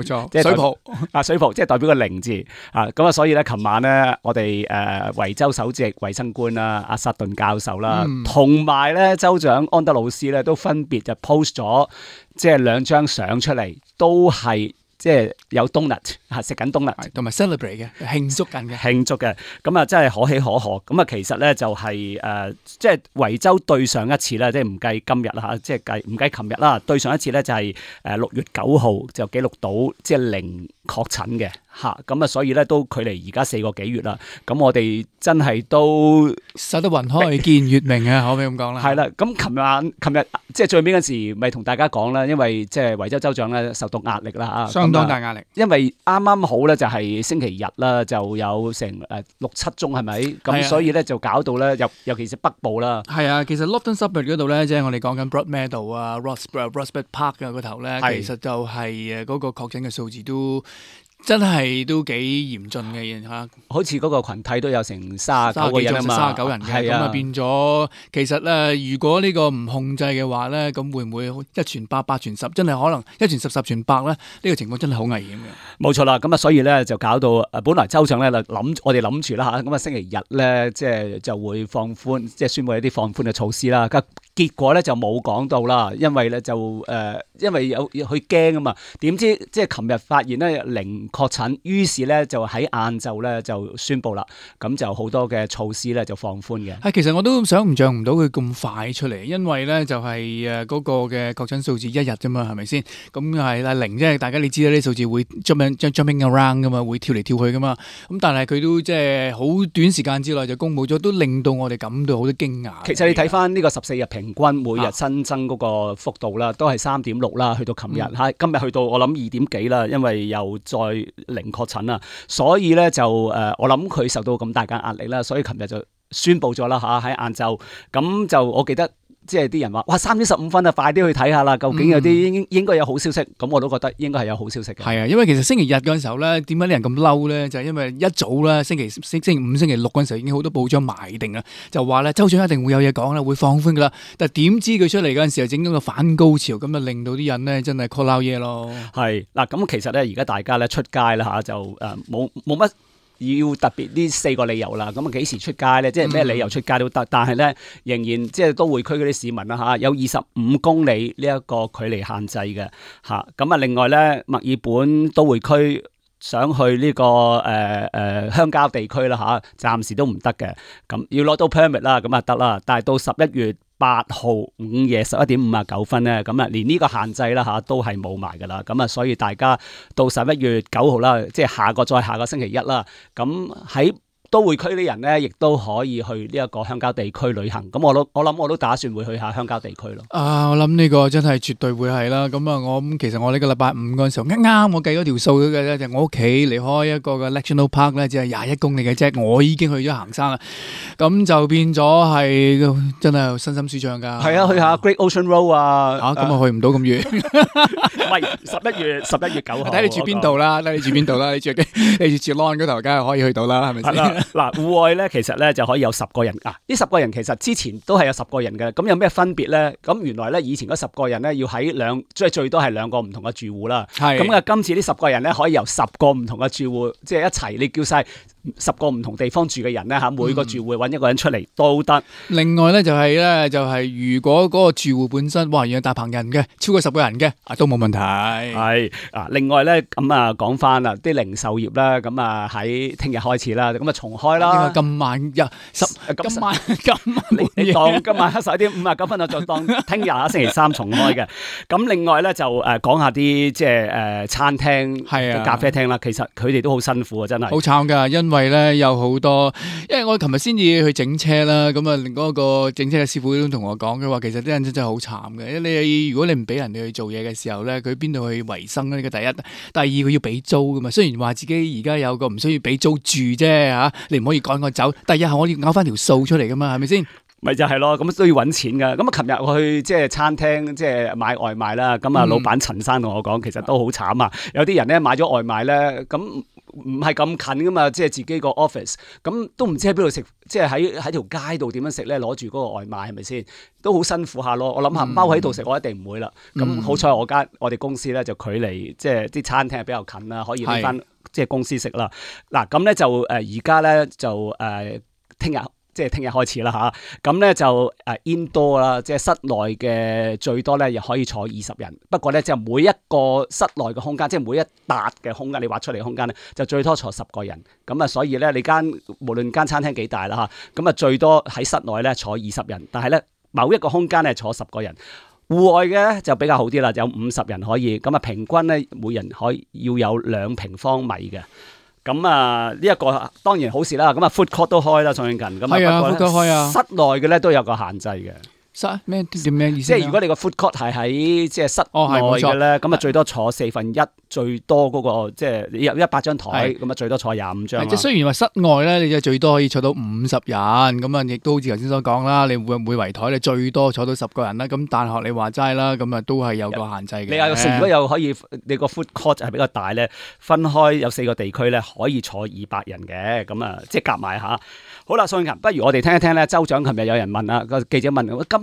冇錯，即係水泡啊！水泡， 水泡即係代表個零字啊！咁啊，所以咧，琴晚咧，我哋誒、呃、維州首席衛生官啦，阿薩頓教授啦，同埋咧州長安德老師安德魯斯咧，都分別就 post 咗即係兩張相出嚟，都係。即係有 donut 食緊 donut，同埋 celebrate 嘅慶祝緊嘅慶祝嘅，咁啊真係可喜可賀。咁啊其實咧就係、是、誒、呃，即係維州對上一次啦，即係唔計今日啦嚇，即係計唔計琴日啦，對上一次咧就係誒六月九號就記錄到即係零確診嘅。吓咁啊，所以咧都距離而家四個幾月啦。咁我哋真係都守得雲開見月明啊！可唔可以咁講啦？係啦。咁琴日，琴日即係最尾嗰時，咪同大家講啦。因為即係維州州長咧，受到壓力啦啊，相當大壓力。因為啱啱好咧，就係星期日啦，就有成誒六七宗係咪？咁所以咧就搞到咧，又尤其是北部啦。係啊，其實 London suburb 嗰度咧，即係我哋講緊 Broadmeadow 啊，Roxburgh Park 啊，嗰頭咧，其實就係誒嗰個確診嘅數字都。真係都幾嚴峻嘅嘢吓，好似嗰個群體都有成卅九個人啊嘛，卅九人嘅，咁啊變咗。其實咧，如果呢個唔控制嘅話咧，咁會唔會一傳八，八傳十，真係可能一傳十，十傳百咧？呢個情況真係好危險嘅。冇錯啦，咁啊，所以咧就搞到誒，本來州長咧就諗，我哋諗住啦吓，咁啊，星期日咧即係就會放寬，即係宣布一啲放寬嘅措施啦。結果咧就冇講到啦，因為咧就誒、呃，因為有佢驚啊嘛。點知即係琴日發現咧零確診，於是咧就喺晏晝咧就宣布啦。咁就好多嘅措施咧就放寬嘅。係，其實我都想唔象唔到佢咁快出嚟，因為咧就係誒嗰個嘅確診數字一日啫嘛，係咪先？咁係啦，零即係大家你知道啲數字會 jumping around 噶嘛，會跳嚟跳去噶嘛。咁但係佢都即係好短時間之內就公佈咗，都令到我哋感到好多驚訝。其實你睇翻呢個十四日平平均每日新增嗰個幅度啦，都係三點六啦，去到琴日吓，嗯、今日去到我諗二點幾啦，因為又再零確診啦。所以咧就誒、呃，我諗佢受到咁大嘅壓力啦，所以琴日就宣布咗啦吓，喺晏晝咁就我記得。即係啲人話，哇三點十五分啊，快啲去睇下啦，究竟有啲應應該有好消息，咁、嗯、我都覺得應該係有好消息嘅。係啊，因為其實星期日嗰陣時候咧，點解啲人咁嬲咧？就係、是、因為一早咧，星期星期五、星期六嗰陣時候已經好多報章埋定啦，就話咧州長一定會有嘢講啦，會放寬噶啦。但係點知佢出嚟嗰陣時又整咗個反高潮，咁就令到啲人呢真係 call 嘢咯。係嗱，咁其實咧而家大家咧出街啦吓，就誒冇冇乜。要特別呢四個理由啦，咁啊幾時出街咧？即係咩理由出街都得，但係咧仍然即係都會區嗰啲市民啦嚇、啊，有二十五公里呢一個距離限制嘅嚇。咁啊另外咧墨爾本都會區想去呢、這個誒誒、呃呃、鄉郊地區啦嚇、啊，暫時都唔得嘅。咁、啊、要攞到 permit 啦，咁啊得啦。但係到十一月八號午夜十一點五啊九分咧，咁啊，連呢個限制啦吓都係冇埋㗎喇，咁啊，所以大家到十一月九號啦，即係下個再下個星期一啦，咁喺。都會區啲人咧，亦都可以去呢一個鄉郊地區旅行。咁我都我諗，我都打算會去下鄉郊地區咯。啊，我諗呢個真係絕對會係啦。咁啊，我諗其實我呢個禮拜五嗰陣時候啱啱我計咗條數嘅啫，就我屋企離開一個嘅 National Park 咧，只係廿一公里嘅啫。我已經去咗行山啦，咁就變咗係真係身心舒暢噶。係啊，去下 Great Ocean Road 啊。嚇，咁啊去唔到咁遠。唔係十一月十一月九號，睇你住邊度啦，睇你住邊度啦，你住你住 Geelong 嗰頭梗係可以去到啦，係咪先？嗱，戶 外咧，其實咧就可以有十個人。嗱，啊，呢十個人其實之前都係有十個人嘅，咁有咩分別咧？咁原來咧以前嗰十個人咧要喺兩，即係最多係兩個唔同嘅住戶啦。係。咁啊，今次呢十個人咧可以由十個唔同嘅住戶，即係一齊，你叫晒。十個唔同地方住嘅人咧吓，每個住戶搵一個人出嚟都得。另外咧就係咧就係如果嗰個住戶本身，哇，原來大棚人嘅，超過十個人嘅，啊，都冇問題。係啊，另外咧咁啊，講翻啦啲零售業啦，咁啊喺聽日開始啦，咁啊重開啦。今晚一十，今晚今晚你當今晚十一點五啊九分，我再當聽日啊星期三重開嘅。咁另外咧就誒講下啲即係誒餐廳係啊咖啡廳啦，其實佢哋都好辛苦啊，真係。好慘噶因。因為咧有好多，因為我琴日先至去整車啦，咁啊，另一個整車嘅師傅都同我講，佢話其實啲人真真係好慘嘅。你如果你唔俾人哋去做嘢嘅時候咧，佢邊度去維生咧？呢個第一，第二佢要俾租噶嘛。雖然話自己而家有個唔需要俾租住啫吓，你唔可以趕我走。第二係我要拗翻條數出嚟噶嘛，係咪先？咪就係咯，咁需要揾錢噶。咁啊，琴日我去即係餐廳即係買外賣啦。咁啊，老闆陳生同我講，其實都好慘啊。有啲人咧買咗外賣咧，咁。唔係咁近噶嘛，即係自己個 office，咁都唔知喺邊度食，即係喺喺條街度點樣食咧？攞住嗰個外賣係咪先？都好辛苦下咯。我諗下踎喺度食，我一定唔會啦。咁好彩我間我哋公司咧就距離即係啲餐廳係比較近啦，可以去翻是即係公司食啦。嗱、啊，咁咧就誒而家咧就誒聽日。呃即係聽日開始啦嚇，咁、啊、咧就誒 indoor 啦，即係室內嘅最多咧亦可以坐二十人，不過咧即係每一個室內嘅空間，即、就、係、是、每一笪嘅空間你劃出嚟嘅空間咧，就最多坐十個人。咁啊，所以咧你間無論間餐廳幾大啦嚇，咁啊最多喺室內咧坐二十人，但係咧某一個空間咧坐十個人。戶外嘅咧就比較好啲啦，有五十人可以，咁啊平均咧每人可以要有兩平方米嘅。咁啊，呢一個當然好事啦。咁啊，food court 都開啦，最近咁啊，不過室內嘅咧都有個限制嘅。咩？咩意思？即係如果你個 food court 係喺即係室外嘅咧，咁啊、哦、最多坐四分一的，最多嗰、那個即係你有一百張枱，咁啊的最多坐廿五張。即係雖然話室外咧，你就最多可以坐到五十人，咁啊亦都好似頭先所講啦，你會唔會圍枱？你最多坐到十個人啦。咁但學你話齋啦，咁啊都係有個限制嘅。你啊，如果又可以你個 food court 係比較大咧，分開有四個地區咧，可以坐二百人嘅，咁啊即係夾埋下好啦，宋琴，不如我哋聽一聽咧，州長琴日有人問啊，個記者問今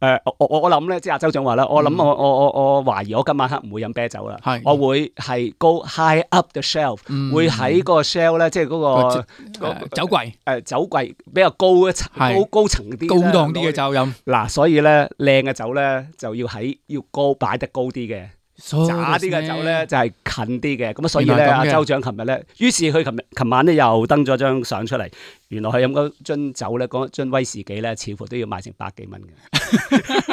誒、呃，我我我諗咧，即係阿州長話啦，我諗我我我我懷疑我今晚黑唔會飲啤酒啦，嗯、我會係 go high up the shelf，嗯、會喺個 shelf 咧、嗯，即係嗰、那個、啊那個、酒櫃，誒、呃、酒櫃比較高一層，是高高層啲，高檔啲嘅酒飲。嗱去、啊，所以咧靚嘅酒咧就要喺要高擺得高啲嘅。渣啲嘅酒咧就係近啲嘅。咁所以咧，阿州長琴日咧，於是佢琴日琴晚咧又登咗張相出嚟，原來佢飲嗰樽酒咧，嗰樽威士忌咧，似乎都要賣成百幾蚊嘅，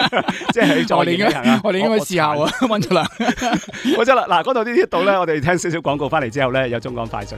即係我哋應該，啊、我哋應該試下喎，搵咗啦，搵啦，嗱，嗰度呢一度咧，我哋聽少少廣告翻嚟之後咧，有中港快訊。